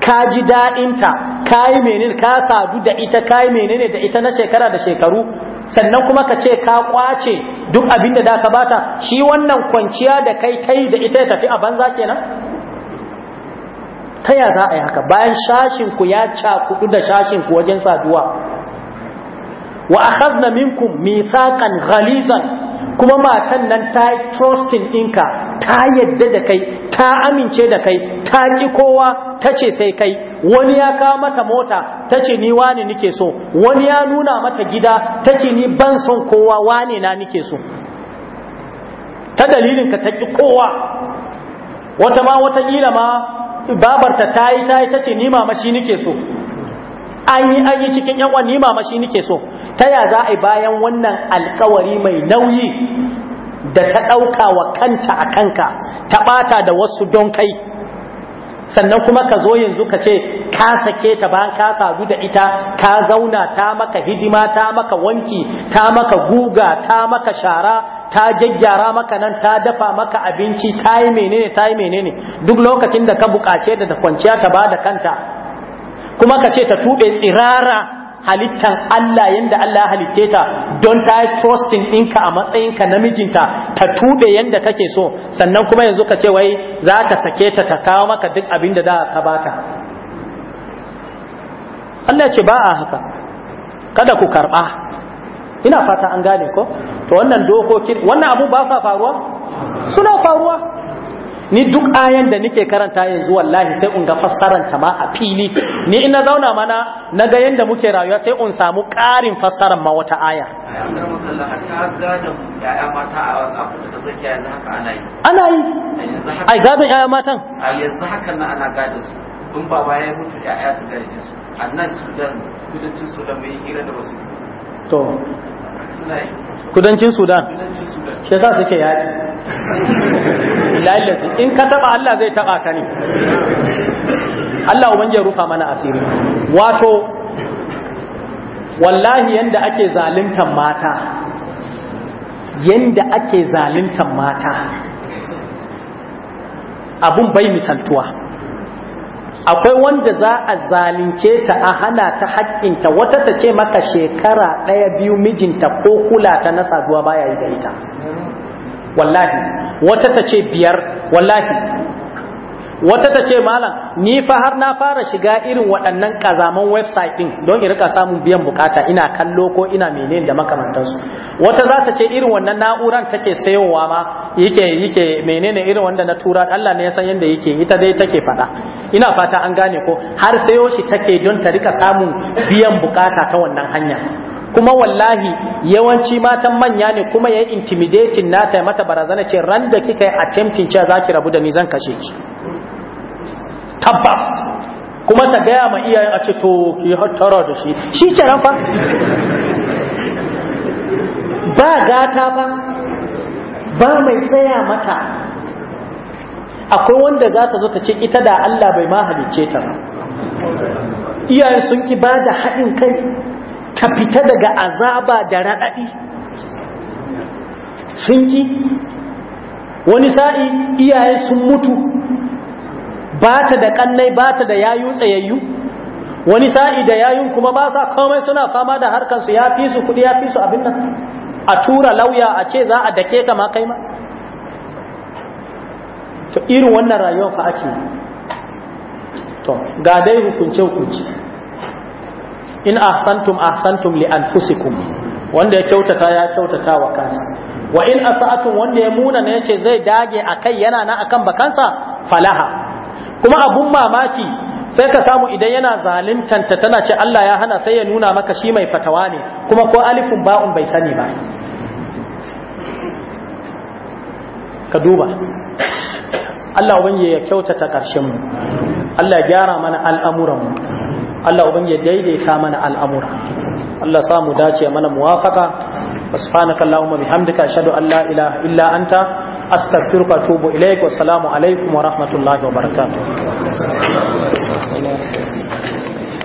ka ji daɗinta ka yi menene ka sadu da ita ka menene da ita na shekara da shekaru sannan kuma ka ce ka kwace duk abinda da ka bata shi wannan kwanciya da kai kai da ita ya tafi a banza kenan ta ya za a yi haka bayan shashin ku ya cakudu da shashin ku wajen saduwa wa akhazna minkum mithaqan ghalizan kuma matan nan ta trusting ɗinka ta yadda da kai ta amince da kai ta ki kowa ta ce sai kai wani ya kawo mata mota ta ce ni wani nike so wani ya nuna mata gida ta ce ni ban son kowa wani na nike so ta dalilin ka ta ki kowa wata ma wata kila ma babarta ta yi ta yi ta ce ni mama shi nike so an yi an yi cikin yan wani mama shi nike so ta ya za a yi bayan wannan alkawari mai nauyi da ta ɗauka wa kanta a kanka ta ɓata da wasu don kai sannan kuma ka zo yanzu ka ce ka sake ta bayan ka sadu da ita ka zauna ta maka hidima ta maka wanki ta maka guga ta maka shara ta gyaggyara maka nan ta dafa maka abinci ta yi menene ta yi menene duk lokacin da ka bukace da kwanciya ta ba da kanta kuma ka ce ta tuɓe tsirara halittan Allah yanda Allah ya halitte ta don ta trusting ɗinka a matsayinka namijinta ta tuɓe yanda take so sannan kuma yanzu ka ce wai za ka sake ta ta kawo maka duk abin da za ka ba ta. Allah ce ba a haka kada ku karɓa ina fata an gane ko to wannan dokokin wannan abu ba sa faruwa suna faruwa ni duk ayan da nike karanta yanzu wallahi sai in ga fassaranta ma a fili ni ina zauna mana na ga yanda muke rayuwa sai in samu ƙarin fassarar ma wata aya ana yi ai gadon yaya matan a yanzu haka na ana gadon su tun baba ya mutu yaya su gare su a nan sudan kudancin da mai hira da wasu to kudancin sudan shi yasa suke yaki lallasi in ka taba Allah zai taba ka ne Allah ubangiji rufa mana asiri wato wallahi yanda ake zaluntan mata yanda ake zaluntan mata abun bai misaltuwa akwai wanda za a zalunce ta a hana ta haƙƙinta wata ta ce maka shekara ɗaya biyu mijinta ko kula ta na saduwa baya yi da ita wallahi wata ta ce biyar wallahi wata ta ce malam ni fa har na fara shiga irin waɗannan kazaman website din don in rika samun biyan bukata ina kallo ko ina menene da makamantansu wata za ta ce irin wannan na'uran take sayowa ma yake yake menene irin wanda na tura Allah ne ya san yanda yake ita dai take faɗa ina fata an gane ko har sayo shi take don ta rika samun biyan bukata ta wannan hanya kuma wallahi yawanci matan manya ne kuma ya intimidating nata mata barazana ce ran da kika yi attempting cewa zaki rabu da ni zan kashe ki tabbas kuma ta gaya ma iyayen a ce to ki hattara da shi shi kenan fa ba gata ba ba mai tsaya mata akwai wanda za ta zo ta ce ita da Allah bai ma halice ta ba iyayen sun ki ba da haɗin kai ka fita daga azaba da raɗaɗi sun ki wani sa'i iyayen sun mutu ba ta da kannai ba ta da yayu tsayayyu wani sa'i da yayun kuma ba sa komai suna fama da harkar su ya fi su kudi ya fi su abin nan a tura lauya a ce za a dake ka ma kai ma to irin wannan rayuwar fa ake to ga dai hukunce hukunci in ahsantum ahsantum li anfusikum wanda ya kyautata ya kyautata wa kansa wa in asa'atum wanda ya muna ne yace zai dage akai yana na akan bakansa falaha kuma abun mamaki sai ka samu idan yana zalintanta tana ce Allah ya hana sai ya nuna maka shi mai fatawa ne kuma ko alifin ba'un bai sani ba ka duba Allah ubangiji ya kyautata ƙarshen mu Allah ya gyara mana al'amuran mu Allah ubangiji ya daidaita mana al'amura Allah samu dace mana muwafaka subhanakallahumma bihamdika ashhadu an la ilaha illa anta astaghfiruka wa atubu ilaik wa assalamu alaikum wa rahmatullahi wa barakatuh